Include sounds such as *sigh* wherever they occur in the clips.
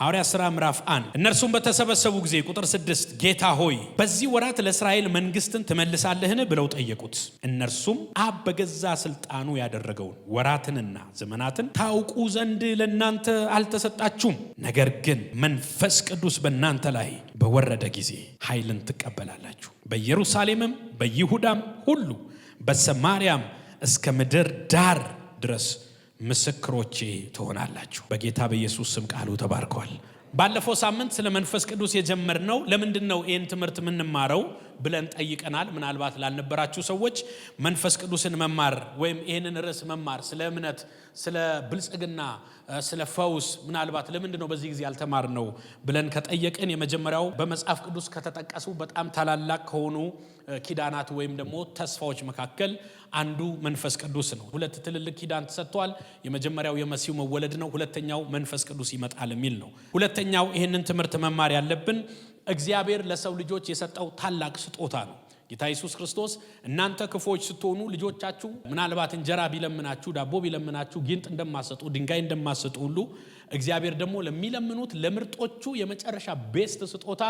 ሐዋርያ ሥራ ምዕራፍ አንድ እነርሱም በተሰበሰቡ ጊዜ ቁጥር ስድስት ጌታ ሆይ በዚህ ወራት ለእስራኤል መንግስትን ትመልሳለህን ብለው ጠየቁት። እነርሱም አብ በገዛ ስልጣኑ ያደረገውን ወራትንና ዘመናትን ታውቁ ዘንድ ለእናንተ አልተሰጣችሁም፣ ነገር ግን መንፈስ ቅዱስ በእናንተ ላይ በወረደ ጊዜ ኃይልን ትቀበላላችሁ፣ በኢየሩሳሌምም በይሁዳም ሁሉ በሰማርያም እስከ ምድር ዳር ድረስ ምስክሮቼ ትሆናላችሁ። በጌታ በኢየሱስ ስም ቃሉ ተባርከዋል። ባለፈው ሳምንት ስለ መንፈስ ቅዱስ የጀመርነው ለምንድን ነው? ይህን ትምህርት የምንማረው ብለን ጠይቀናል። ምናልባት ላልነበራችሁ ሰዎች መንፈስ ቅዱስን መማር ወይም ይህንን ርዕስ መማር ስለ እምነት፣ ስለ ብልጽግና፣ ስለ ፈውስ ምናልባት ለምንድ ነው በዚህ ጊዜ ያልተማር ነው ብለን ከጠየቅን የመጀመሪያው በመጽሐፍ ቅዱስ ከተጠቀሱ በጣም ታላላቅ ከሆኑ ኪዳናት ወይም ደግሞ ተስፋዎች መካከል አንዱ መንፈስ ቅዱስ ነው። ሁለት ትልልቅ ኪዳን ተሰጥቷል። የመጀመሪያው የመሲሁ መወለድ ነው። ሁለተኛው መንፈስ ቅዱስ ይመጣል የሚል ነው። ሁለተኛው ይህንን ትምህርት መማር ያለብን እግዚአብሔር ለሰው ልጆች የሰጠው ታላቅ ስጦታ ነው። ጌታ ኢየሱስ ክርስቶስ እናንተ ክፎች ስትሆኑ ልጆቻችሁ ምናልባት እንጀራ ቢለምናችሁ ዳቦ ቢለምናችሁ ጊንጥ እንደማሰጡ ድንጋይ እንደማሰጡ ሁሉ እግዚአብሔር ደግሞ ለሚለምኑት ለምርጦቹ የመጨረሻ ቤስት ስጦታ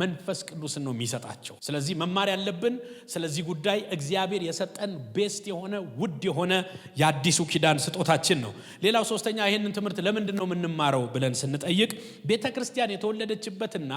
መንፈስ ቅዱስን ነው የሚሰጣቸው። ስለዚህ መማር ያለብን ስለዚህ ጉዳይ እግዚአብሔር የሰጠን ቤስት የሆነ ውድ የሆነ የአዲሱ ኪዳን ስጦታችን ነው። ሌላው ሶስተኛ፣ ይህንን ትምህርት ለምንድን ነው የምንማረው ብለን ስንጠይቅ ቤተ ክርስቲያን የተወለደችበትና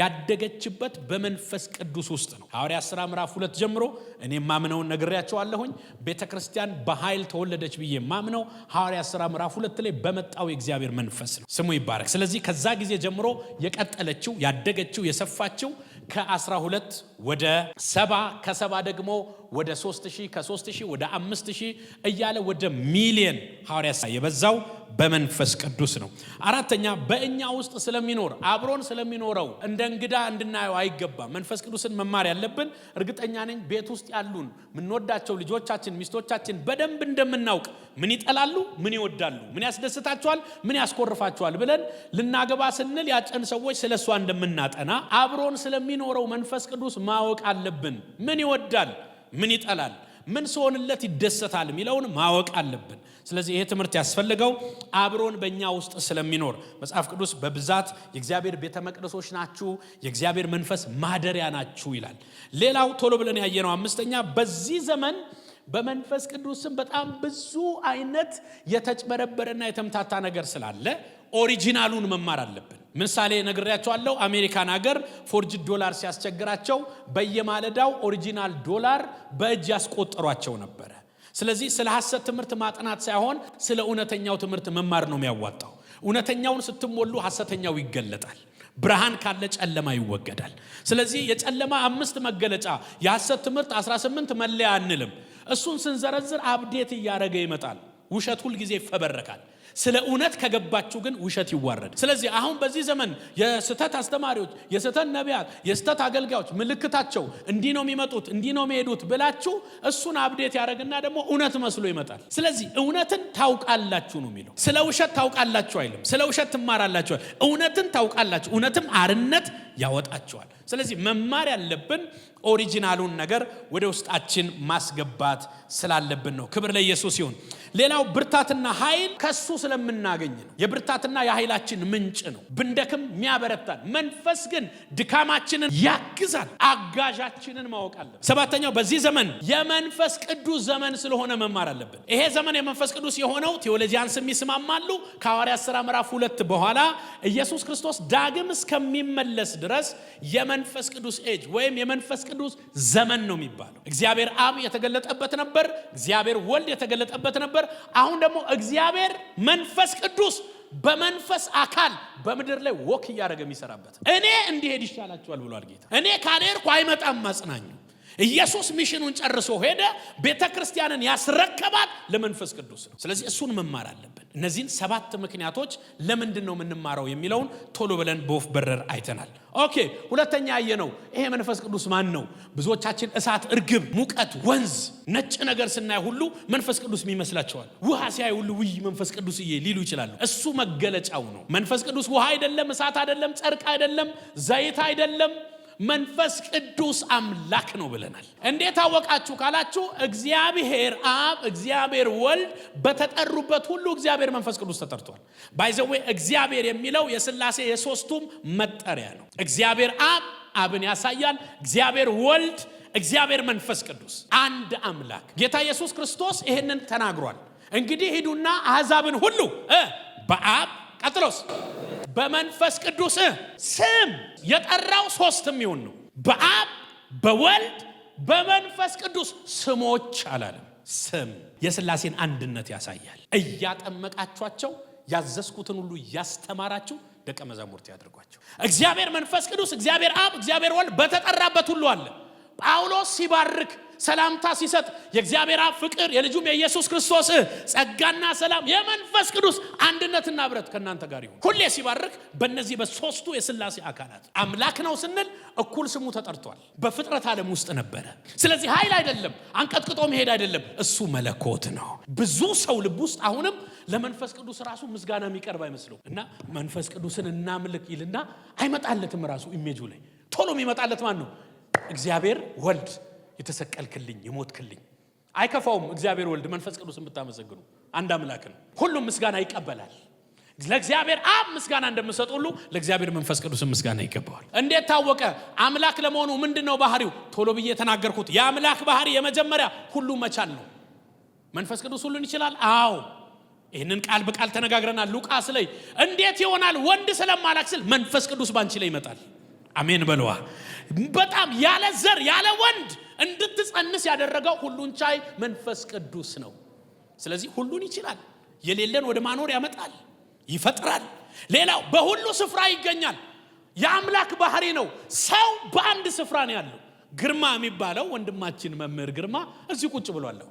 ያደገችበት በመንፈስ ቅዱስ ውስጥ ነው። ሐዋር 1 ምዕራፍ ሁለት ጀምሮ እኔ የማምነውን ነግሬያቸዋለሁኝ። ቤተ ክርስቲያን በኃይል ተወለደች ብዬ የማምነው ሐዋር 1 ምዕራፍ ሁለት ላይ በመጣው የእግዚአብሔር መንፈስ መንፈስ ነው። ስሙ ይባረክ። ስለዚህ ከዛ ጊዜ ጀምሮ የቀጠለችው ያደገችው የሰፋችው ከአስራ ሁለት ወደ ሰባ ከሰባ ደግሞ ወደ ሶስት ሺህ ከሶስት ሺህ ወደ አምስት ሺህ እያለ ወደ ሚሊየን ሐዋርያ የበዛው በመንፈስ ቅዱስ ነው። አራተኛ በእኛ ውስጥ ስለሚኖር አብሮን ስለሚኖረው እንደ እንግዳ እንድናየው አይገባም። መንፈስ ቅዱስን መማር ያለብን እርግጠኛ ነኝ ቤት ውስጥ ያሉን የምንወዳቸው ልጆቻችን፣ ሚስቶቻችን በደንብ እንደምናውቅ ምን ይጠላሉ፣ ምን ይወዳሉ፣ ምን ያስደስታቸዋል፣ ምን ያስኮርፋቸዋል ብለን ልናገባ ስንል ያጨን ሰዎች ስለሷ እንደምናጠና አብሮን ስለሚኖረው መንፈስ ቅዱስ ማወቅ አለብን። ምን ይወዳል፣ ምን ይጠላል፣ ምን ስሆንለት ይደሰታል የሚለውን ማወቅ አለብን። ስለዚህ ይሄ ትምህርት ያስፈልገው አብሮን በእኛ ውስጥ ስለሚኖር መጽሐፍ ቅዱስ በብዛት የእግዚአብሔር ቤተ መቅደሶች ናችሁ፣ የእግዚአብሔር መንፈስ ማደሪያ ናችሁ ይላል። ሌላው ቶሎ ብለን ያየነው አምስተኛ በዚህ ዘመን በመንፈስ ቅዱስም በጣም ብዙ አይነት የተጭበረበረና የተምታታ ነገር ስላለ ኦሪጂናሉን መማር አለብን። ምሳሌ ነግሬያቸዋለሁ። አሜሪካን ሀገር ፎርጅ ዶላር ሲያስቸግራቸው በየማለዳው ኦሪጂናል ዶላር በእጅ ያስቆጠሯቸው ነበረ። ስለዚህ ስለ ሀሰት ትምህርት ማጥናት ሳይሆን ስለ እውነተኛው ትምህርት መማር ነው የሚያዋጣው። እውነተኛውን ስትሞሉ ሀሰተኛው ይገለጣል። ብርሃን ካለ ጨለማ ይወገዳል። ስለዚህ የጨለማ አምስት መገለጫ የሐሰት ትምህርት 18 መለያ አንልም። እሱን ስንዘረዝር አብዴት እያደረገ ይመጣል። ውሸት ሁልጊዜ ይፈበረካል። ስለ እውነት ከገባችሁ ግን ውሸት ይዋረድ። ስለዚህ አሁን በዚህ ዘመን የስተት አስተማሪዎች፣ የስተት ነቢያት፣ የስተት አገልጋዮች ምልክታቸው እንዲ ነው የሚመጡት እንዲ ነው የሚሄዱት ብላችሁ እሱን አብዴት ያደረግና ደግሞ እውነት መስሎ ይመጣል። ስለዚህ እውነትን ታውቃላችሁ ነው የሚለው። ስለ ውሸት ታውቃላችሁ አይልም። ስለ ውሸት ትማራላችሁ፣ እውነትን ታውቃላችሁ። እውነትም አርነት ያወጣችኋል። ስለዚህ መማር ያለብን ኦሪጂናሉን ነገር ወደ ውስጣችን ማስገባት ስላለብን ነው። ክብር ለኢየሱስ ይሁን። ሌላው ብርታትና ኃይል ከሱ ስለምናገኝ ነው። የብርታትና የኃይላችን ምንጭ ነው። ብንደክም የሚያበረታን መንፈስ ግን ድካማችንን ያግዛል። አጋዣችንን ማወቅ አለብን። ሰባተኛው በዚህ ዘመን የመንፈስ ቅዱስ ዘመን ስለሆነ መማር አለብን። ይሄ ዘመን የመንፈስ ቅዱስ የሆነው ቴዎሎጂያንስ ይስማማሉ። ከሐዋርያት ሥራ ምዕራፍ ሁለት በኋላ ኢየሱስ ክርስቶስ ዳግም እስከሚመለስ ድረስ የመንፈስ ቅዱስ ኤጅ ወይም የመንፈስ ቅዱስ ዘመን ነው የሚባለው። እግዚአብሔር አብ የተገለጠበት ነበር። እግዚአብሔር ወልድ የተገለጠበት ነበር። ነበር። አሁን ደግሞ እግዚአብሔር መንፈስ ቅዱስ በመንፈስ አካል በምድር ላይ ወክ እያደረገ የሚሰራበት እኔ እንዲሄድ ይሻላቸዋል ብሏል ጌታ። እኔ ካልሄድኩ አይመጣም ማጽናኙ ኢየሱስ ሚሽኑን ጨርሶ ሄደ። ቤተ ክርስቲያንን ያስረከባት ለመንፈስ ቅዱስ ነው። ስለዚህ እሱን መማር አለብን። እነዚህን ሰባት ምክንያቶች ለምንድን ነው የምንማረው የሚለውን ቶሎ ብለን በወፍ በረር አይተናል። ኦኬ፣ ሁለተኛ ያየ ነው ይሄ መንፈስ ቅዱስ ማን ነው? ብዙዎቻችን እሳት፣ እርግብ፣ ሙቀት፣ ወንዝ፣ ነጭ ነገር ስናይ ሁሉ መንፈስ ቅዱስ ይመስላቸዋል። ውሃ ሲያይ ሁሉ ውይ መንፈስ ቅዱስ እዬ ሊሉ ይችላሉ። እሱ መገለጫው ነው። መንፈስ ቅዱስ ውሃ አይደለም፣ እሳት አይደለም፣ ጨርቅ አይደለም፣ ዘይት አይደለም መንፈስ ቅዱስ አምላክ ነው ብለናል። እንዴት አወቃችሁ ካላችሁ እግዚአብሔር አብ፣ እግዚአብሔር ወልድ በተጠሩበት ሁሉ እግዚአብሔር መንፈስ ቅዱስ ተጠርቷል። ባይዘዌ እግዚአብሔር የሚለው የስላሴ የሶስቱም መጠሪያ ነው። እግዚአብሔር አብ አብን ያሳያል። እግዚአብሔር ወልድ፣ እግዚአብሔር መንፈስ ቅዱስ አንድ አምላክ። ጌታ ኢየሱስ ክርስቶስ ይህንን ተናግሯል። እንግዲህ ሂዱና አሕዛብን ሁሉ በአብ ቀጥሎስ በመንፈስ ቅዱስ ስም የጠራው ሶስትም ይሁን ነው። በአብ በወልድ በመንፈስ ቅዱስ ስሞች አላለም። ስም የስላሴን አንድነት ያሳያል። እያጠመቃችኋቸው ያዘዝኩትን ሁሉ እያስተማራችሁ ደቀ መዛሙርት ያድርጓቸው። እግዚአብሔር መንፈስ ቅዱስ፣ እግዚአብሔር አብ፣ እግዚአብሔር ወልድ በተጠራበት ሁሉ አለ። ጳውሎስ ሲባርክ ሰላምታ ሲሰጥ የእግዚአብሔር አብ ፍቅር የልጁም የኢየሱስ ክርስቶስ ጸጋና ሰላም የመንፈስ ቅዱስ አንድነትና ብረት ከእናንተ ጋር ይሁን። ሁሌ ሲባርክ በእነዚህ በሶስቱ የስላሴ አካላት አምላክ ነው ስንል እኩል ስሙ ተጠርቷል። በፍጥረት ዓለም ውስጥ ነበረ። ስለዚህ ኃይል አይደለም፣ አንቀጥቅጦ መሄድ አይደለም፣ እሱ መለኮት ነው። ብዙ ሰው ልብ ውስጥ አሁንም ለመንፈስ ቅዱስ ራሱ ምስጋና የሚቀርብ አይመስለው እና መንፈስ ቅዱስን እናምልክ ይልና አይመጣለትም። ራሱ ኢሜጁ ላይ ቶሎ የሚመጣለት ማን ነው? እግዚአብሔር ወልድ የተሰቀልክልኝ የሞትክልኝ። አይከፋውም። እግዚአብሔር ወልድ መንፈስ ቅዱስ የምታመሰግኑ አንድ አምላክ ነው። ሁሉም ምስጋና ይቀበላል። ለእግዚአብሔር አብ ምስጋና እንደምሰጥ ሁሉ ለእግዚአብሔር መንፈስ ቅዱስ ምስጋና ይገባዋል። እንዴት ታወቀ? አምላክ ለመሆኑ ምንድን ነው ባህሪው? ቶሎ ብዬ የተናገርኩት የአምላክ ባህሪ የመጀመሪያ ሁሉ መቻል ነው። መንፈስ ቅዱስ ሁሉን ይችላል። አዎ ይህንን ቃል በቃል ተነጋግረናል። ሉቃስ ላይ እንዴት ይሆናል ወንድ ስለማላክ ስል መንፈስ ቅዱስ ባንቺ ላይ ይመጣል። አሜን በለዋ። በጣም ያለ ዘር ያለ ወንድ እንድትጸንስ ያደረገው ሁሉን ቻይ መንፈስ ቅዱስ ነው። ስለዚህ ሁሉን ይችላል። የሌለን ወደ ማኖር ያመጣል፣ ይፈጥራል። ሌላው በሁሉ ስፍራ ይገኛል። የአምላክ ባህሪ ነው። ሰው በአንድ ስፍራ ነው ያለው። ግርማ የሚባለው ወንድማችን መምህር ግርማ እዚህ ቁጭ ብሏለሁ።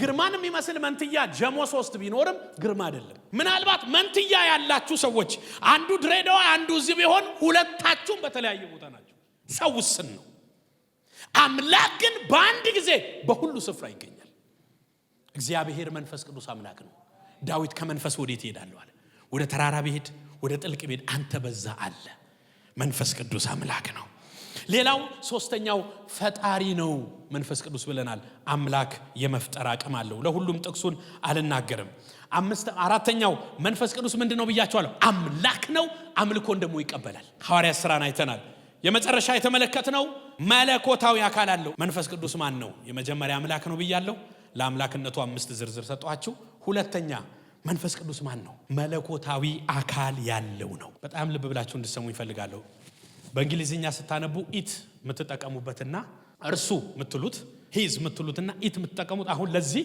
ግርማን የሚመስል መንትያ ጀሞ ሶስት ቢኖርም ግርማ አይደለም። ምናልባት መንትያ ያላችሁ ሰዎች አንዱ ድሬዳዋ አንዱ እዚህ ቢሆን ሁለታችሁም በተለያየ ቦታ ናቸው። ሰው ውስን ነው። አምላክ ግን በአንድ ጊዜ በሁሉ ስፍራ ይገኛል። እግዚአብሔር መንፈስ ቅዱስ አምላክ ነው። ዳዊት ከመንፈስ ወዴት እሄዳለሁ አለ? ወደ ተራራ ብሄድ፣ ወደ ጥልቅ ብሄድ አንተ በዛ አለ። መንፈስ ቅዱስ አምላክ ነው። ሌላው ሶስተኛው ፈጣሪ ነው መንፈስ ቅዱስ ብለናል። አምላክ የመፍጠር አቅም አለው። ለሁሉም ጥቅሱን አልናገርም። አራተኛው መንፈስ ቅዱስ ምንድን ነው ብያቸዋለሁ። አምላክ ነው። አምልኮን ደግሞ ይቀበላል። ሐዋርያ ስራን አይተናል። የመጨረሻ ነው? መለኮታዊ አካል አለው። መንፈስ ቅዱስ ማን ነው? የመጀመሪያ አምላክ ነው ብያለሁ። ለአምላክነቱ አምስት ዝርዝር ሰጧችሁ። ሁለተኛ መንፈስ ቅዱስ ማን ነው? መለኮታዊ አካል ያለው ነው። በጣም ልብ ብላችሁ እንድሰሙ ይፈልጋለሁ። በእንግሊዝኛ ስታነቡ ኢት የምትጠቀሙበትና እርሱ የምትሉት ሂዝ የምትሉትና ኢት የምትጠቀሙት አሁን ለዚህ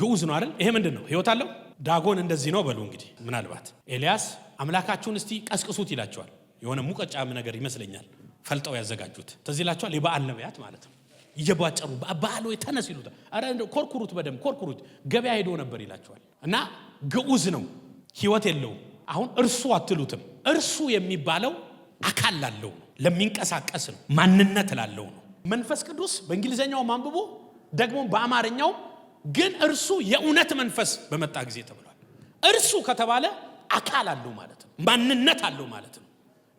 ግዑዝ ነው አይደል? ይሄ ምንድን ነው? ህይወት አለው። ዳጎን እንደዚህ ነው በሉ እንግዲህ። ምናልባት ኤልያስ አምላካችሁን እስቲ ቀስቅሱት ይላቸዋል። የሆነ ሙቀጫም ነገር ይመስለኛል ፈልጠው ያዘጋጁት ተዚህ ላቸዋል። የበዓል ነቢያት ማለት ነው። እየቧጨሩ በዓል ወይ ተነስ ይሉታል። ኮርኩሩት፣ በደምብ ኮርኩሩት። ገበያ ሄዶ ነበር ይላቸዋል። እና ግዑዝ ነው፣ ህይወት የለውም። አሁን እርሱ አትሉትም። እርሱ የሚባለው አካል ላለው ነው፣ ለሚንቀሳቀስ ነው፣ ማንነት ላለው ነው። መንፈስ ቅዱስ በእንግሊዝኛው አንብቦ ደግሞ በአማርኛው ግን እርሱ የእውነት መንፈስ በመጣ ጊዜ ተብሏል። እርሱ ከተባለ አካል አለው ማለት ነው፣ ማንነት አለው ማለት ነው።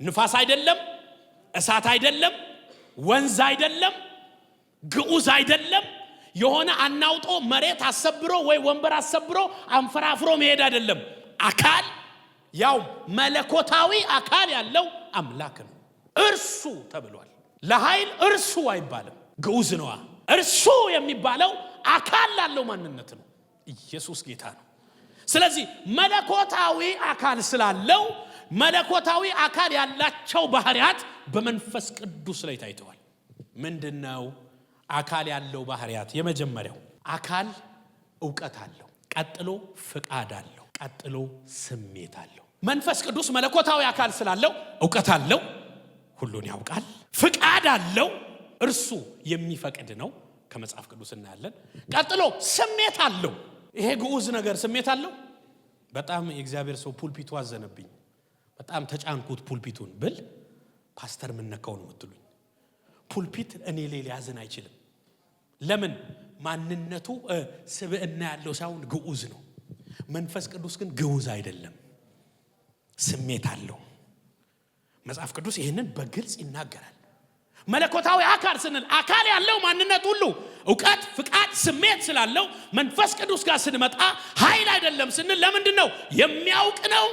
ንፋስ አይደለም እሳት አይደለም፣ ወንዝ አይደለም፣ ግዑዝ አይደለም። የሆነ አናውጦ መሬት አሰብሮ ወይ ወንበር አሰብሮ አንፈራፍሮ መሄድ አይደለም። አካል ያው መለኮታዊ አካል ያለው አምላክ ነው። እርሱ ተብሏል። ለኃይል እርሱ አይባልም፣ ግዑዝ ነዋ። እርሱ የሚባለው አካል ላለው ማንነት ነው። ኢየሱስ ጌታ ነው። ስለዚህ መለኮታዊ አካል ስላለው መለኮታዊ አካል ያላቸው ባህሪያት በመንፈስ ቅዱስ ላይ ታይተዋል። ምንድን ነው አካል ያለው ባህርያት የመጀመሪያው አካል እውቀት አለው፣ ቀጥሎ ፍቃድ አለው፣ ቀጥሎ ስሜት አለው። መንፈስ ቅዱስ መለኮታዊ አካል ስላለው እውቀት አለው፣ ሁሉን ያውቃል። ፍቃድ አለው፣ እርሱ የሚፈቅድ ነው፣ ከመጽሐፍ ቅዱስ እናያለን። ቀጥሎ ስሜት አለው። ይሄ ግዑዝ ነገር ስሜት አለው። በጣም የእግዚአብሔር ሰው ፑልፒቱ አዘነብኝ። በጣም ተጫንኩት ፑልፒቱን ብል ፓስተር ምነካው ነው የምትሉኝ። ፑልፒት እኔ ላይ ሊያዝን አይችልም። ለምን? ማንነቱ ስብዕና ያለው ሳይሆን ግዑዝ ነው። መንፈስ ቅዱስ ግን ግዑዝ አይደለም፣ ስሜት አለው። መጽሐፍ ቅዱስ ይህንን በግልጽ ይናገራል። መለኮታዊ አካል ስንል አካል ያለው ማንነት ሁሉ እውቀት፣ ፍቃድ፣ ስሜት ስላለው መንፈስ ቅዱስ ጋር ስንመጣ ኃይል አይደለም ስንል ለምንድን ነው? የሚያውቅ ነው፣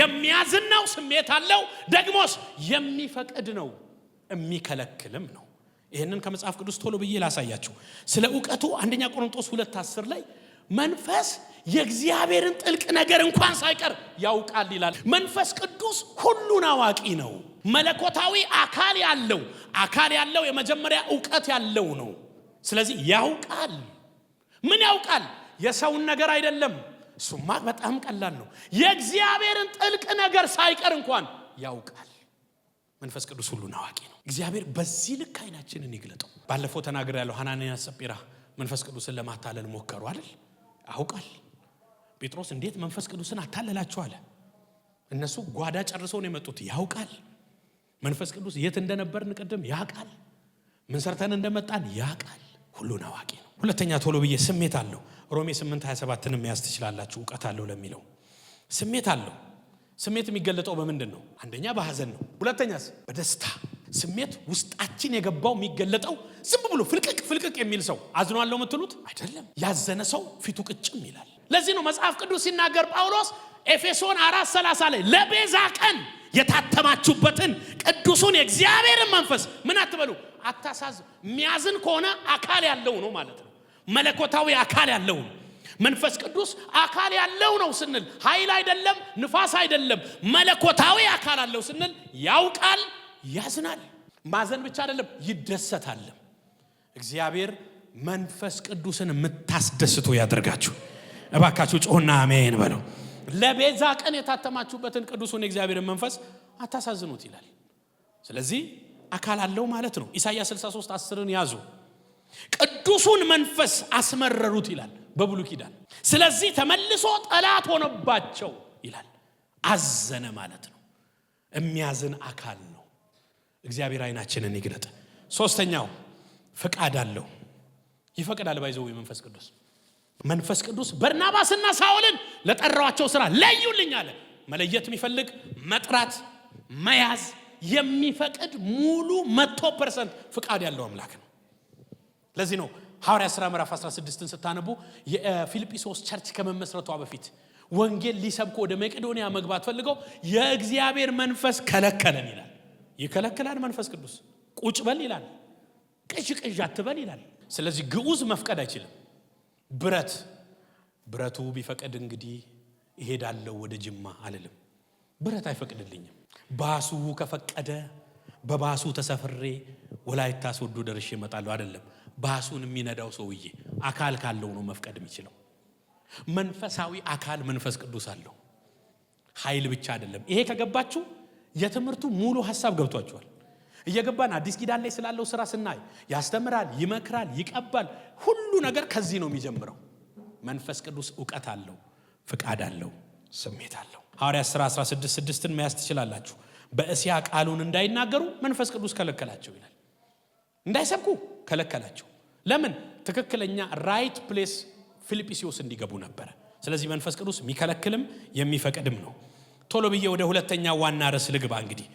የሚያዝን ነው፣ ስሜት አለው። ደግሞስ የሚፈቅድ ነው፣ የሚከለክልም ነው። ይህንን ከመጽሐፍ ቅዱስ ቶሎ ብዬ ላሳያችሁ። ስለ እውቀቱ አንደኛ ቆሮንጦስ ሁለት አስር ላይ መንፈስ የእግዚአብሔርን ጥልቅ ነገር እንኳን ሳይቀር ያውቃል ይላል። መንፈስ ቅዱስ ሁሉን አዋቂ ነው። መለኮታዊ አካል ያለው አካል ያለው የመጀመሪያ እውቀት ያለው ነው። ስለዚህ ያውቃል። ምን ያውቃል? የሰውን ነገር አይደለም። እሱማ በጣም ቀላል ነው። የእግዚአብሔርን ጥልቅ ነገር ሳይቀር እንኳን ያውቃል። መንፈስ ቅዱስ ሁሉን አዋቂ ነው። እግዚአብሔር በዚህ ልክ አይናችንን ይግለጠው። ባለፈው ያለው ሐናንያ ሰጲራ መንፈስ ቅዱስን ለማታለል ሞከሩ አይደል? አውቃል ጴጥሮስ እንዴት መንፈስ ቅዱስን አታለላችሁ አለ። እነሱ ጓዳ ጨርሰውን የመጡት። ያውቃል መንፈስ ቅዱስ የት እንደነበርን ቅድም ያውቃል። ምን ሰርተን እንደመጣን ያውቃል። ሁሉን አዋቂ ነው። ሁለተኛ ቶሎ ብዬ ስሜት አለው። ሮሜ 8 27ን መያዝ ትችላላችሁ። እውቀት አለው ለሚለው ስሜት አለው። ስሜት የሚገለጠው በምንድን ነው? አንደኛ በሐዘን ነው። ሁለተኛ በደስታ ስሜት ውስጣችን የገባው የሚገለጠው ዝም ብሎ ፍልቅቅ ፍልቅቅ የሚል ሰው አዝኗለው የምትሉት አይደለም። ያዘነ ሰው ፊቱ ቅጭም ይላል። ለዚህ ነው መጽሐፍ ቅዱስ ሲናገር ጳውሎስ ኤፌሶን አራት ሰላሳ ላይ ለቤዛ ቀን የታተማችሁበትን ቅዱሱን የእግዚአብሔርን መንፈስ ምን አትበሉ አታሳዝ የሚያዝን ከሆነ አካል ያለው ነው ማለት ነው። መለኮታዊ አካል ያለው ነው። መንፈስ ቅዱስ አካል ያለው ነው ስንል ኃይል አይደለም፣ ንፋስ አይደለም፣ መለኮታዊ አካል አለው ስንል ያውቃል፣ ያዝናል። ማዘን ብቻ አይደለም ይደሰታለም። እግዚአብሔር መንፈስ ቅዱስን የምታስደስቱ ያደርጋችሁ። እባካችሁ ጮና አሜን በለው። ለቤዛ ቀን የታተማችሁበትን ቅዱሱን የእግዚአብሔርን መንፈስ አታሳዝኑት ይላል። ስለዚህ አካል አለው ማለት ነው። ኢሳያ 63 አስርን ያዙ። ቅዱሱን መንፈስ አስመረሩት ይላል በብሉ ኪዳን። ስለዚህ ተመልሶ ጠላት ሆነባቸው ይላል። አዘነ ማለት ነው። የሚያዝን አካል ነው። እግዚአብሔር አይናችንን ይግለጥ። ሶስተኛው ፍቃድ አለው። ይፈቅዳል ባይዘው የመንፈስ ቅዱስ መንፈስ ቅዱስ በርናባስና ሳውልን ለጠራዋቸው ስራ ለዩልኝ አለ። መለየት የሚፈልግ መጥራት መያዝ የሚፈቅድ ሙሉ መቶ ፐርሰንት ፍቃድ ያለው አምላክ ነው። ለዚህ ነው ሐዋርያ ሥራ ምዕራፍ 16ን ስታነቡ የፊልጵሶስ ቸርች ከመመስረቷ በፊት ወንጌል ሊሰብኩ ወደ መቄዶንያ መግባት ፈልገው የእግዚአብሔር መንፈስ ከለከለን ይላል። ይከለክላል መንፈስ ቅዱስ። ቁጭ በል ይላል። ቅዥ ቅዥ አትበል ይላል። ስለዚህ ግዑዝ መፍቀድ አይችልም። ብረት ብረቱ ቢፈቅድ እንግዲህ እሄዳለሁ ወደ ጅማ አልልም። ብረት አይፈቅድልኝም። ባሱ ከፈቀደ በባሱ ተሰፍሬ ወላይታ ሶዶ ደርሼ እመጣለሁ። አይደለም ባሱን የሚነዳው ሰውዬ አካል ካለው ነው መፍቀድ የሚችለው። መንፈሳዊ አካል መንፈስ ቅዱስ አለው። ኃይል ብቻ አይደለም። ይሄ ከገባችሁ የትምህርቱ ሙሉ ሀሳብ ገብቷችኋል። እየገባን አዲስ ኪዳን ላይ ስላለው ስራ ስናይ ያስተምራል፣ ይመክራል፣ ይቀባል። ሁሉ ነገር ከዚህ ነው የሚጀምረው። መንፈስ ቅዱስ እውቀት አለው፣ ፍቃድ አለው፣ ስሜት አለው። ሐዋርያት ሥራ 16 ን መያዝ ትችላላችሁ። በእስያ ቃሉን እንዳይናገሩ መንፈስ ቅዱስ ከለከላቸው ይላል። እንዳይሰብኩ ከለከላቸው። ለምን? ትክክለኛ ራይት ፕሌስ ፊልጵስዎስ እንዲገቡ ነበረ። ስለዚህ መንፈስ ቅዱስ የሚከለክልም የሚፈቅድም ነው። ቶሎ ብዬ ወደ ሁለተኛ ዋና ርዕስ ልግባ እንግዲህ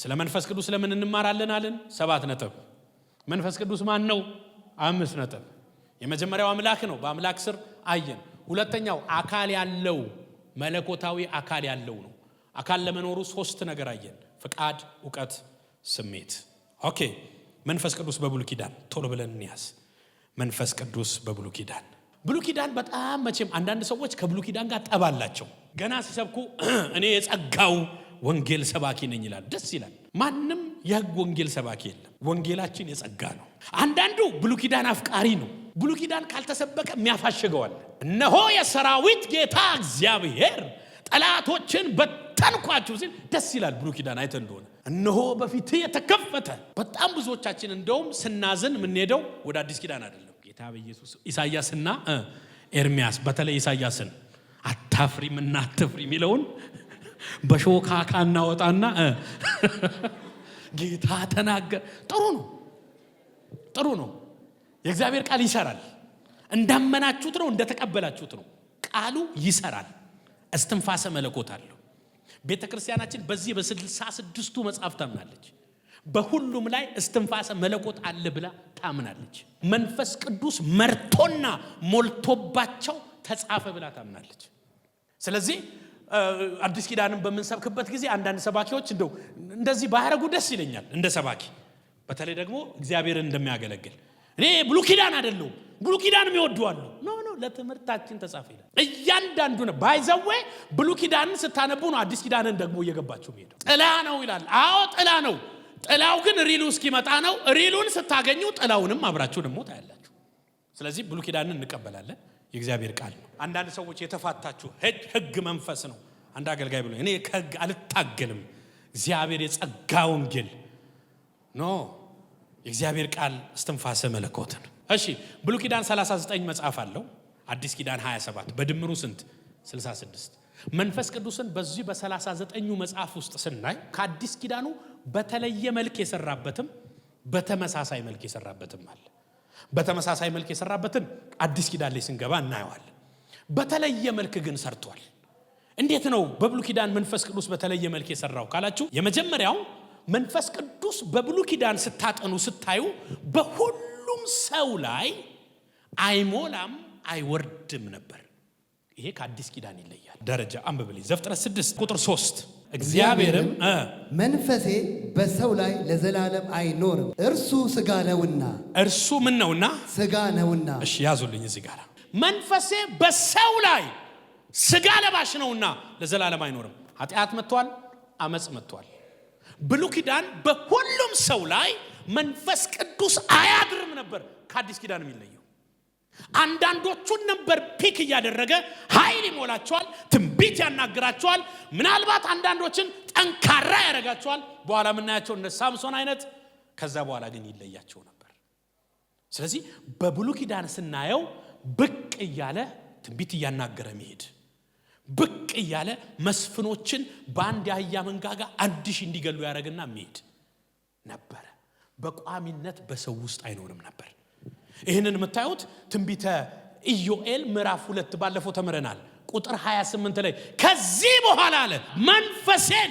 ስለ መንፈስ ቅዱስ ለምን እንማራለን አለን? ሰባት ነጥብ። መንፈስ ቅዱስ ማን ነው? አምስት ነጥብ። የመጀመሪያው አምላክ ነው፣ በአምላክ ስር አየን። ሁለተኛው አካል ያለው መለኮታዊ አካል ያለው ነው። አካል ለመኖሩ ሶስት ነገር አየን፣ ፍቃድ፣ እውቀት፣ ስሜት። ኦኬ መንፈስ ቅዱስ በብሉ ኪዳን ቶሎ ብለን እንያዝ። መንፈስ ቅዱስ በብሉ ኪዳን ብሉ ኪዳን በጣም መቼም አንዳንድ ሰዎች ከብሉ ኪዳን ጋር ጠባላቸው። ገና ሲሰብኩ *clears throat* እኔ የጸጋው ወንጌል ሰባኪ ነኝ ይላል። ደስ ይላል። ማንም የህግ ወንጌል ሰባኪ የለም። ወንጌላችን የጸጋ ነው። አንዳንዱ ብሉይ ኪዳን አፍቃሪ ነው። ብሉይ ኪዳን ካልተሰበከ የሚያፋሽገዋል። እነሆ የሰራዊት ጌታ እግዚአብሔር ጠላቶችን በተንኳችሁ ሲል ደስ ይላል። ብሉይ ኪዳን አይተ እንደሆነ እነሆ በፊት የተከፈተ በጣም ብዙዎቻችን እንደውም ስናዝን የምንሄደው ወደ አዲስ ኪዳን አይደለም። ጌታ በኢየሱስ ኢሳያስና ኤርሚያስ በተለይ ኢሳያስን አታፍሪም እና የሚለውን በሾካካ እናወጣና ጌታ ተናገር። ጥሩ ነው፣ ጥሩ ነው። የእግዚአብሔር ቃል ይሰራል። እንዳመናችሁት ነው፣ እንደተቀበላችሁት ነው። ቃሉ ይሰራል። እስትንፋሰ መለኮት አለው። ቤተ ክርስቲያናችን በዚህ በስልሳ ስድስቱ መጽሐፍ ታምናለች። በሁሉም ላይ እስትንፋሰ መለኮት አለ ብላ ታምናለች። መንፈስ ቅዱስ መርቶና ሞልቶባቸው ተጻፈ ብላ ታምናለች። ስለዚህ አዲስ ኪዳንን በምንሰብክበት ጊዜ አንዳንድ ሰባኪዎች እንደው እንደዚህ ባያረጉ ደስ ይለኛል። እንደ ሰባኪ በተለይ ደግሞ እግዚአብሔርን እንደሚያገለግል እኔ ብሉ ኪዳን አይደለሁም ብሉ ኪዳን ይወደዋሉ። ኖ ኖ፣ ለትምህርታችን ተጻፈ ይላል። እያንዳንዱ ነው ባይዘዌ ብሉ ኪዳንን ስታነቡ ነው አዲስ ኪዳንን ደግሞ እየገባችሁ ሄደው ጥላ ነው ይላል። አዎ ጥላ ነው። ጥላው ግን ሪሉ እስኪመጣ ነው። ሪሉን ስታገኙ ጥላውንም አብራችሁ ደግሞ ታያላችሁ። ስለዚህ ብሉ ኪዳንን እንቀበላለን። የእግዚአብሔር ቃል ነው። አንዳንድ ሰዎች የተፋታችሁ ህግ መንፈስ ነው። አንድ አገልጋይ ብሎ እኔ ከህግ አልታገልም፣ እግዚአብሔር የጸጋ ወንጌል ኖ የእግዚአብሔር ቃል እስትንፋሰ መለኮትን። እሺ ብሉ ኪዳን 39 መጽሐፍ አለው፣ አዲስ ኪዳን 27 በድምሩ ስንት 66 መንፈስ ቅዱስን በዚህ በ39ኙ መጽሐፍ ውስጥ ስናይ ከአዲስ ኪዳኑ በተለየ መልክ የሰራበትም በተመሳሳይ መልክ የሰራበትም አለ። በተመሳሳይ መልክ የሰራበትን አዲስ ኪዳን ላይ ስንገባ እናየዋለን። በተለየ መልክ ግን ሰርቷል። እንዴት ነው በብሉ ኪዳን መንፈስ ቅዱስ በተለየ መልክ የሰራው ካላችሁ፣ የመጀመሪያው መንፈስ ቅዱስ በብሉ ኪዳን ስታጠኑ ስታዩ በሁሉም ሰው ላይ አይሞላም አይወርድም ነበር። ይሄ ከአዲስ ኪዳን ይለያል። ደረጃ አንብብልኝ ዘፍጥረት 6 ቁጥር 3 እግዚአብሔርም መንፈሴ በሰው ላይ ለዘላለም አይኖርም፣ እርሱ ስጋ ነውና። እርሱ ምን ነውና? ስጋ ነውና። እሺ ያዙልኝ እዚህ ጋር መንፈሴ በሰው ላይ ስጋ ለባሽ ነውና ለዘላለም አይኖርም። ኃጢአት መጥቷል፣ አመፅ መጥቷል። ብሉ ኪዳን በሁሉም ሰው ላይ መንፈስ ቅዱስ አያድርም ነበር ከአዲስ ኪዳን የሚለየው አንዳንዶቹን ነበር ፒክ እያደረገ ኃይል ይሞላቸዋል፣ ትንቢት ያናግራቸዋል። ምናልባት አንዳንዶችን ጠንካራ ያደርጋቸዋል። በኋላ የምናያቸው እነ ሳምሶን አይነት ከዛ በኋላ ግን ይለያቸው ነበር። ስለዚህ በብሉ ኪዳን ስናየው ብቅ እያለ ትንቢት እያናገረ መሄድ ብቅ እያለ መስፍኖችን በአንድ የአህያ መንጋጋ አዲሽ እንዲገሉ ያደረግና መሄድ ነበረ። በቋሚነት በሰው ውስጥ አይኖርም ነበር። ይህንን የምታዩት ትንቢተ ኢዮኤል ምዕራፍ ሁለት ባለፈው ተምረናል። ቁጥር 28 ላይ ከዚህ በኋላ አለ መንፈሴን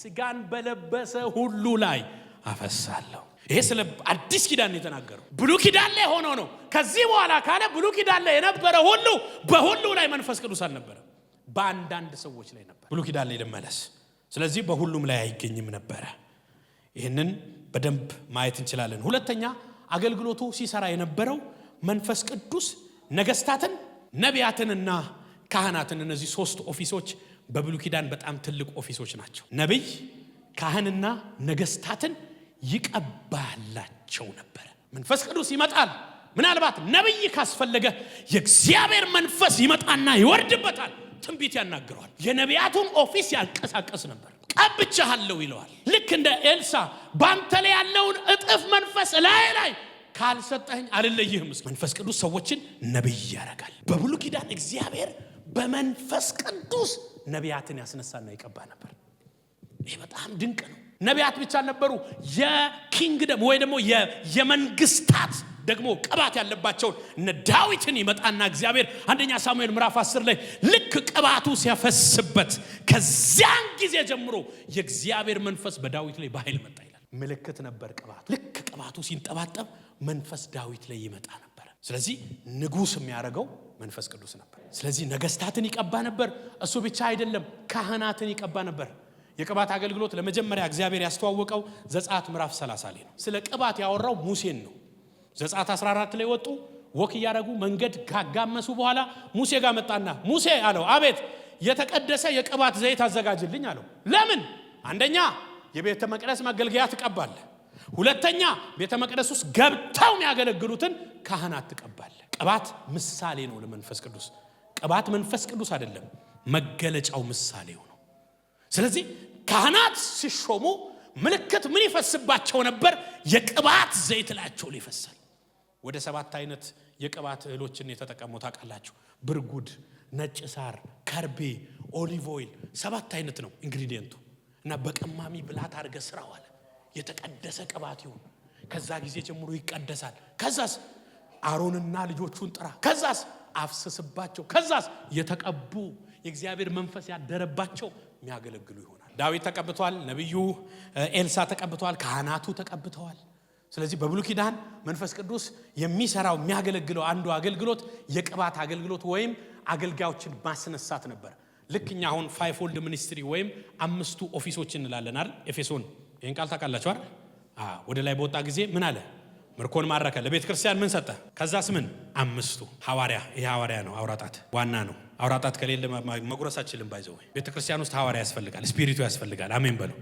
ስጋን በለበሰ ሁሉ ላይ አፈሳለሁ። ይሄ ስለ አዲስ ኪዳን ነው የተናገረው። ብሉ ኪዳን ላይ ሆኖ ነው። ከዚህ በኋላ ካለ ብሉ ኪዳን ላይ የነበረ ሁሉ በሁሉ ላይ መንፈስ ቅዱስ አልነበረም፣ በአንዳንድ ሰዎች ላይ ነበር። ብሉ ኪዳን ላይ ልመለስ። ስለዚህ በሁሉም ላይ አይገኝም ነበረ። ይህንን በደንብ ማየት እንችላለን። ሁለተኛ አገልግሎቱ ሲሰራ የነበረው መንፈስ ቅዱስ ነገስታትን፣ ነቢያትንና ካህናትን እነዚህ ሶስት ኦፊሶች በብሉ ኪዳን በጣም ትልቅ ኦፊሶች ናቸው። ነቢይ፣ ካህንና ነገስታትን ይቀባላቸው ነበረ። መንፈስ ቅዱስ ይመጣል። ምናልባት ነቢይ ካስፈለገ የእግዚአብሔር መንፈስ ይመጣና ይወርድበታል፣ ትንቢት ያናግረዋል። የነቢያቱን ኦፊስ ያንቀሳቀስ ነበር። ቀብቻለሁ ይለዋል። ልክ እንደ ኤልሳ ባንተ ላይ ያለውን እጥፍ መንፈስ ላይ ላይ ካልሰጠኝ አልለይህም። መንፈስ ቅዱስ ሰዎችን ነቢይ ያደርጋል። በብሉ ኪዳን እግዚአብሔር በመንፈስ ቅዱስ ነቢያትን ያስነሳና ይቀባ ነበር። ይህ በጣም ድንቅ ነው። ነቢያት ብቻ ነበሩ የኪንግደም ወይ ደግሞ የመንግስታት ደግሞ ቅባት ያለባቸውን እነ ዳዊትን ይመጣና እግዚአብሔር አንደኛ ሳሙኤል ምዕራፍ 10 ላይ ልክ ቅባቱ ሲያፈስበት ከዚያን ጊዜ ጀምሮ የእግዚአብሔር መንፈስ በዳዊት ላይ በኃይል መጣ ይላል። ምልክት ነበር ቅባቱ። ልክ ቅባቱ ሲንጠባጠብ መንፈስ ዳዊት ላይ ይመጣ ነበር። ስለዚህ ንጉሥ የሚያደርገው መንፈስ ቅዱስ ነበር። ስለዚህ ነገስታትን ይቀባ ነበር። እሱ ብቻ አይደለም፣ ካህናትን ይቀባ ነበር። የቅባት አገልግሎት ለመጀመሪያ እግዚአብሔር ያስተዋወቀው ዘጸአት ምዕራፍ 30 ላይ ነው። ስለ ቅባት ያወራው ሙሴን ነው። ዘጻት 14 ላይ ወጡ። ወክ እያደረጉ መንገድ ካጋመሱ በኋላ ሙሴ ጋር መጣና ሙሴ አለው፣ አቤት የተቀደሰ የቅባት ዘይት አዘጋጅልኝ አለው። ለምን? አንደኛ የቤተ መቅደስ መገልገያ ትቀባለ፣ ሁለተኛ ቤተ መቅደስ ውስጥ ገብተው የሚያገለግሉትን ካህናት ትቀባለ። ቅባት ምሳሌ ነው ለመንፈስ ቅዱስ። ቅባት መንፈስ ቅዱስ አይደለም መገለጫው ምሳሌው ነው። ስለዚህ ካህናት ሲሾሙ ምልክት ምን ይፈስባቸው ነበር? የቅባት ዘይት ላያቸው ይፈሳል። ወደ ሰባት አይነት የቅባት እህሎችን የተጠቀሙ ታውቃላችሁ። ብርጉድ፣ ነጭ ሳር፣ ከርቤ፣ ኦሊቭ ኦይል ሰባት አይነት ነው ኢንግሪዲየንቱ እና በቀማሚ ብላት አድርገ ስራው አለ የተቀደሰ ቅባት ይሁን። ከዛ ጊዜ ጀምሮ ይቀደሳል። ከዛስ አሮንና ልጆቹን ጥራ። ከዛስ አፍስስባቸው። ከዛስ የተቀቡ የእግዚአብሔር መንፈስ ያደረባቸው የሚያገለግሉ ይሆናል። ዳዊት ተቀብቷል። ነቢዩ ኤልሳ ተቀብተዋል። ካህናቱ ተቀብተዋል። ስለዚህ በብሉ ኪዳን መንፈስ ቅዱስ የሚሰራው የሚያገለግለው አንዱ አገልግሎት የቅባት አገልግሎት ወይም አገልጋዮችን ማስነሳት ነበር። ልክ እኛ አሁን ፋይፎልድ ሚኒስትሪ ወይም አምስቱ ኦፊሶች እንላለን አይደል? ኤፌሶን ይህን ቃል ታውቃላችሁ አይደል? ወደ ላይ በወጣ ጊዜ ምን አለ? ምርኮን ማረከ። ለቤተ ክርስቲያን ምን ሰጠ? ከዛስ ምን? አምስቱ ሐዋርያ። ይህ ሐዋርያ ነው፣ አውራጣት ዋና ነው። አውራጣት ከሌለ አችልም ልንባይዘው ቤተ ክርስቲያን ውስጥ ሐዋርያ ያስፈልጋል፣ ስፒሪቱ ያስፈልጋል። አሜን በለው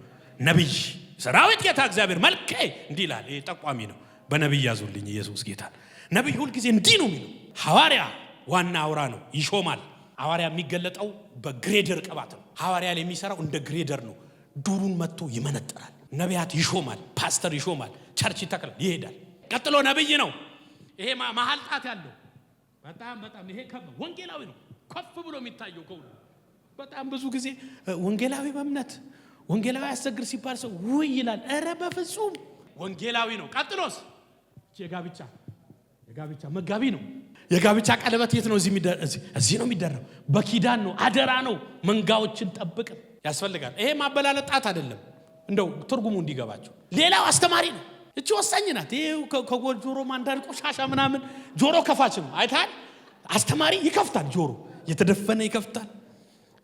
ነብይ ሰራዊት ጌታ እግዚአብሔር መልኬ እንዲህ ይላል። ይህ ጠቋሚ ነው። በነብይ ያዙልኝ ኢየሱስ ጌታ ነብይ ሁልጊዜ እንዲህ ነው የሚለው። ሐዋርያ ዋና አውራ ነው፣ ይሾማል። ሐዋርያ የሚገለጠው በግሬደር ቅባት ነው። ሐዋርያ የሚሰራው እንደ ግሬደር ነው። ዱሩን መጥቶ ይመነጠራል። ነቢያት ይሾማል፣ ፓስተር ይሾማል፣ ቸርች ይተክላል፣ ይሄዳል። ቀጥሎ ነብይ ነው። ይሄ መሀል ጣት ያለው በጣም በጣም ይሄ ወንጌላዊ ነው። ከፍ ብሎ የሚታየው ከሁሉ በጣም ብዙ ጊዜ ወንጌላዊ በእምነት ወንጌላዊ ያስቸግር ሲባል ሰው ውይ ይላል። እረ በፍጹም ወንጌላዊ ነው። ቀጥሎስ የጋብቻ የጋብቻ መጋቢ ነው። የጋብቻ ቀለበት የት ነው? እዚህ ነው የሚደረው። በኪዳን ነው፣ አደራ ነው። መንጋዎችን ጠብቅ ያስፈልጋል። ይሄ ማበላለጣት አይደለም፣ እንደው ትርጉሙ እንዲገባቸው። ሌላው አስተማሪ ነው። እቺ ወሳኝ ናት። ይሄው ከጆሮ አንዳንድ ቆሻሻ ምናምን ጆሮ ከፋች ነው። አይታል አስተማሪ ይከፍታል ጆሮ የተደፈነ ይከፍታል።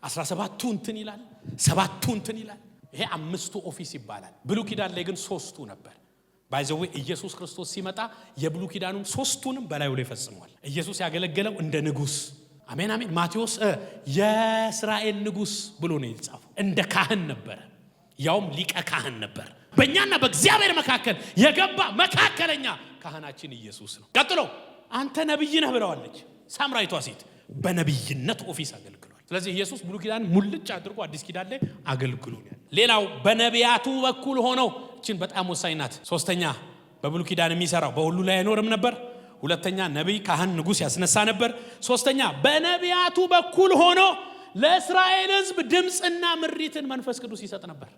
አስራ ሰባቱ እንትን ይላል፣ ሰባቱ እንትን ይላል። ይሄ አምስቱ ኦፊስ ይባላል። ብሉ ኪዳን ላይ ግን ሶስቱ ነበር። ባይዘዌ ኢየሱስ ክርስቶስ ሲመጣ የብሉ ኪዳኑን ሶስቱንም በላዩ ላይ ፈጽሟል። ኢየሱስ ያገለገለው እንደ ንጉስ አሜን አሜን። ማቴዎስ የእስራኤል ንጉስ ብሎ ነው የተጻፈው። እንደ ካህን ነበረ፣ ያውም ሊቀ ካህን ነበር። በእኛና በእግዚአብሔር መካከል የገባ መካከለኛ ካህናችን ኢየሱስ ነው። ቀጥሎ አንተ ነብይ ነህ ብለዋለች ሳምራይቷ ሴት። በነብይነት ኦፊስ አገልግሎ ስለዚህ ኢየሱስ ብሉይ ኪዳን ሙልጭ አድርጎ አዲስ ኪዳን ላይ አገልግሎን ያለ። ሌላው በነቢያቱ በኩል ሆኖ እችን በጣም ወሳኝ ናት። ሶስተኛ በብሉይ ኪዳን የሚሰራው በሁሉ ላይ አይኖርም ነበር። ሁለተኛ ነቢይ፣ ካህን፣ ንጉሥ ያስነሳ ነበር። ሶስተኛ በነቢያቱ በኩል ሆኖ ለእስራኤል ህዝብ ድምፅና ምሪትን መንፈስ ቅዱስ ይሰጥ ነበር።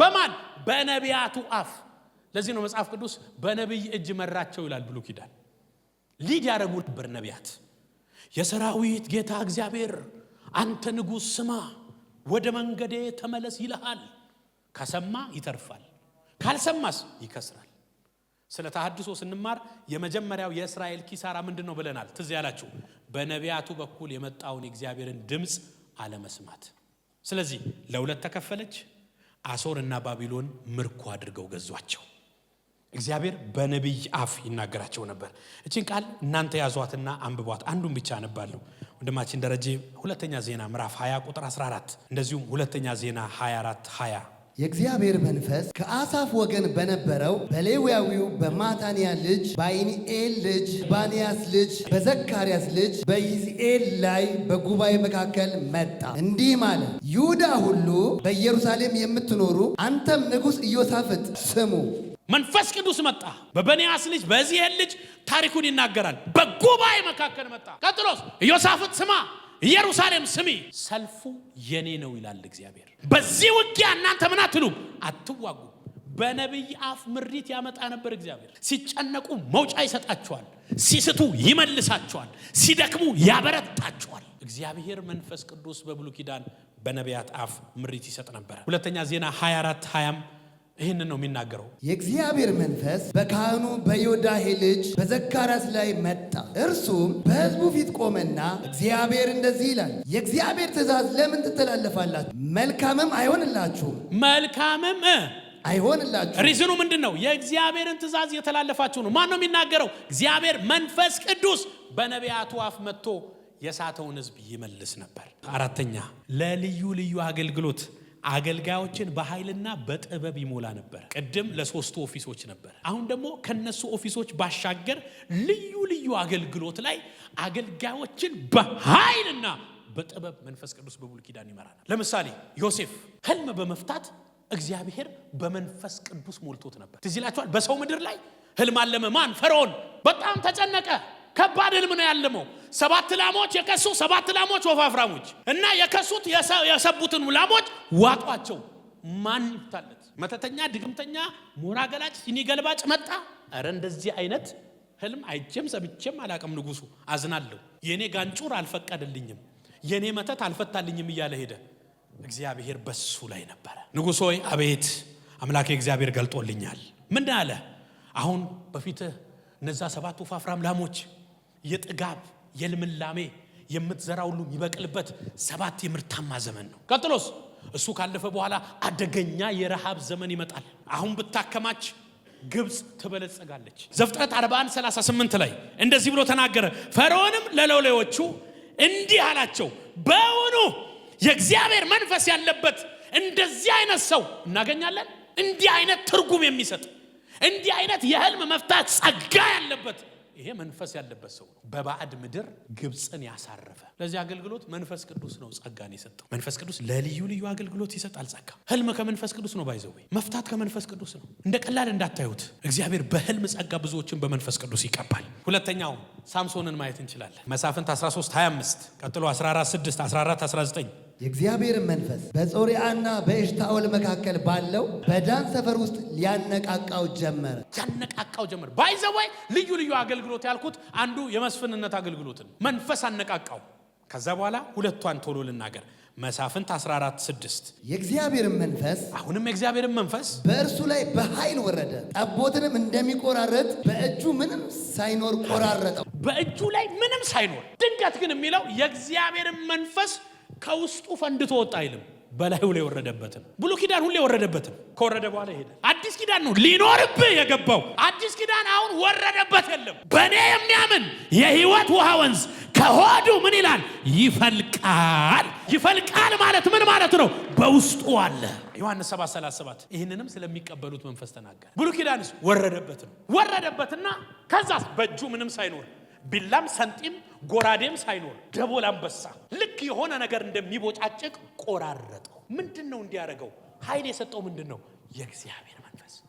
በማን በነቢያቱ አፍ። ለዚህ ነው መጽሐፍ ቅዱስ በነቢይ እጅ መራቸው ይላል። ብሉ ኪዳን ሊድ ያደረጉ ነበር ነቢያት የሰራዊት ጌታ እግዚአብሔር አንተ ንጉሥ ስማ፣ ወደ መንገዴ ተመለስ ይልሃል። ከሰማ ይተርፋል፣ ካልሰማስ ይከስራል። ስለ ተሐድሶ ስንማር የመጀመሪያው የእስራኤል ኪሳራ ምንድን ነው ብለናል? ትዝ ያላችሁ በነቢያቱ በኩል የመጣውን የእግዚአብሔርን ድምፅ አለመስማት። ስለዚህ ለሁለት ተከፈለች። አሶር እና ባቢሎን ምርኮ አድርገው ገዟቸው። እግዚአብሔር በነቢይ አፍ ይናገራቸው ነበር። እችን ቃል እናንተ ያዟትና አንብቧት። አንዱን ብቻ አነባለሁ። ወንድማችን ደረጀ ሁለተኛ ዜና ምዕራፍ 20 ቁጥር 14 እንደዚሁም ሁለተኛ ዜና 24 20 የእግዚአብሔር መንፈስ ከአሳፍ ወገን በነበረው በሌዋዊው በማታንያ ልጅ በአይኒኤል ልጅ ባንያስ ልጅ በዘካርያስ ልጅ በይዝኤል ላይ በጉባኤ መካከል መጣ። እንዲህ አለ፣ ይሁዳ ሁሉ በኢየሩሳሌም የምትኖሩ አንተም ንጉሥ ኢዮሳፍጥ ስሙ መንፈስ ቅዱስ መጣ። በበንያስ ልጅ በዚህ ልጅ ታሪኩን ይናገራል። በጉባኤ መካከል መጣ። ቀጥሎስ ኢዮሳፍት ስማ፣ ኢየሩሳሌም ስሚ፣ ሰልፉ የኔ ነው ይላል እግዚአብሔር። በዚህ ውጊያ እናንተ ምን አትሉ አትዋጉ። በነቢይ አፍ ምሪት ያመጣ ነበር እግዚአብሔር። ሲጨነቁ መውጫ ይሰጣቸዋል፣ ሲስቱ ይመልሳቸዋል፣ ሲደክሙ ያበረታቸዋል። እግዚአብሔር መንፈስ ቅዱስ በብሉይ ኪዳን በነቢያት አፍ ምሪት ይሰጥ ነበረ። ሁለተኛ ዜና 24 20 ይህንን ነው የሚናገረው። የእግዚአብሔር መንፈስ በካህኑ በዮዳሄ ልጅ በዘካርያስ ላይ መጣ። እርሱም በሕዝቡ ፊት ቆመና እግዚአብሔር እንደዚህ ይላል፣ የእግዚአብሔር ትእዛዝ ለምን ትተላለፋላችሁ? መልካምም አይሆንላችሁም። መልካምም አይሆንላችሁ። ሪዝኑ ምንድን ነው? የእግዚአብሔርን ትእዛዝ እየተላለፋችሁ ነው። ማን ነው የሚናገረው? እግዚአብሔር መንፈስ ቅዱስ በነቢያቱ አፍ መጥቶ የሳተውን ህዝብ ይመልስ ነበር። አራተኛ ለልዩ ልዩ አገልግሎት አገልጋዮችን በኃይልና በጥበብ ይሞላ ነበር። ቅድም ለሶስቱ ኦፊሶች ነበር። አሁን ደግሞ ከነሱ ኦፊሶች ባሻገር ልዩ ልዩ አገልግሎት ላይ አገልጋዮችን በኃይልና በጥበብ መንፈስ ቅዱስ በሙሉ ኪዳን ይመራል ለምሳሌ ዮሴፍ ህልም በመፍታት እግዚአብሔር በመንፈስ ቅዱስ ሞልቶት ነበር። ትዚላቸኋል በሰው ምድር ላይ ህልም አለመ። ማን? ፈርዖን በጣም ተጨነቀ። ከባድ ህልም ነው ያለመው። ሰባት ላሞች የከሱ ሰባት ላሞች ወፋፍራሞች እና የከሱት የሰቡትን ላሞች ዋጧቸው። ማን ይብታለት? መተተኛ፣ ድግምተኛ፣ ሞራ ገላጭ፣ ሲኒ ገልባጭ መጣ። እረ እንደዚህ አይነት ህልም አይቼም ሰምቼም አላቅም። ንጉሱ አዝናለሁ፣ የእኔ ጋንጩር አልፈቀደልኝም፣ የእኔ መተት አልፈታልኝም እያለ ሄደ። እግዚአብሔር በሱ ላይ ነበረ። ንጉሶ ሆይ አቤት አምላኬ እግዚአብሔር ገልጦልኛል። ምን አለ? አሁን በፊትህ እነዛ ሰባት ወፋፍራም ላሞች የጥጋብ የልምላሜ የምትዘራ ሁሉ የሚበቅልበት ሰባት የምርታማ ዘመን ነው። ቀጥሎስ እሱ ካለፈ በኋላ አደገኛ የረሃብ ዘመን ይመጣል። አሁን ብታከማች ግብፅ ትበለጸጋለች። ዘፍጥረት 41 38 ላይ እንደዚህ ብሎ ተናገረ። ፈርዖንም ለሎሌዎቹ እንዲህ አላቸው፣ በውኑ የእግዚአብሔር መንፈስ ያለበት እንደዚህ አይነት ሰው እናገኛለን? እንዲህ አይነት ትርጉም የሚሰጥ እንዲህ አይነት የህልም መፍታት ጸጋ ያለበት ይሄ መንፈስ ያለበት ሰው ነው። በባዕድ ምድር ግብፅን ያሳረፈ ለዚህ አገልግሎት መንፈስ ቅዱስ ነው ጸጋን የሰጠው። መንፈስ ቅዱስ ለልዩ ልዩ አገልግሎት ይሰጣል። ጸጋ ህልም ከመንፈስ ቅዱስ ነው። ባይዘዌ መፍታት ከመንፈስ ቅዱስ ነው። እንደ ቀላል እንዳታዩት። እግዚአብሔር በህልም ጸጋ ብዙዎችን በመንፈስ ቅዱስ ይቀባል። ሁለተኛው ሳምሶንን ማየት እንችላለን። መሳፍንት 13 25 ቀጥሎ 14 6 14 19 የእግዚአብሔር መንፈስ በጾሪያና በኤሽታኦል መካከል ባለው በዳን ሰፈር ውስጥ ሊያነቃቃው ጀመረ። ያነቃቃው ጀመረ። ባይዘወይ ልዩ ልዩ አገልግሎት ያልኩት አንዱ የመስፍንነት አገልግሎትን መንፈስ አነቃቃው። ከዛ በኋላ ሁለቷን ቶሎ ልናገር። መሳፍንት 14 6 የእግዚአብሔርን መንፈስ አሁንም የእግዚአብሔርን መንፈስ በእርሱ ላይ በኃይል ወረደ። ጠቦትንም እንደሚቆራረጥ በእጁ ምንም ሳይኖር ቆራረጠው። በእጁ ላይ ምንም ሳይኖር ድንገት ግን የሚለው የእግዚአብሔርን መንፈስ ከውስጡ ፈንድቶ ወጣ አይልም። በላዩ ላይ ወረደበትም ብሉ ኪዳን ሁሌ ወረደበትም ከወረደ በኋላ ይሄዳል። አዲስ ኪዳን ነው ሊኖርብህ የገባው አዲስ ኪዳን አሁን ወረደበት የለም። በእኔ የሚያምን የህይወት ውሃ ወንዝ ከሆዱ ምን ይላል? ይፈልቃል። ይፈልቃል ማለት ምን ማለት ነው? በውስጡ አለ። ዮሐንስ 7፥37 ይህንንም ስለሚቀበሉት መንፈስ ተናገረ። ብሉ ኪዳንስ ወረደበት ነው። ወረደበትና ከዛስ በእጁ ምንም ሳይኖር ቢላም ሰንጢም ጎራዴም ሳይኖር ደቦል አንበሳ ልክ የሆነ ነገር እንደሚቦጫጭቅ ቆራረጠው። ምንድን ነው እንዲያደርገው ኃይል የሰጠው ምንድን ነው? የእግዚአብሔር መንፈስ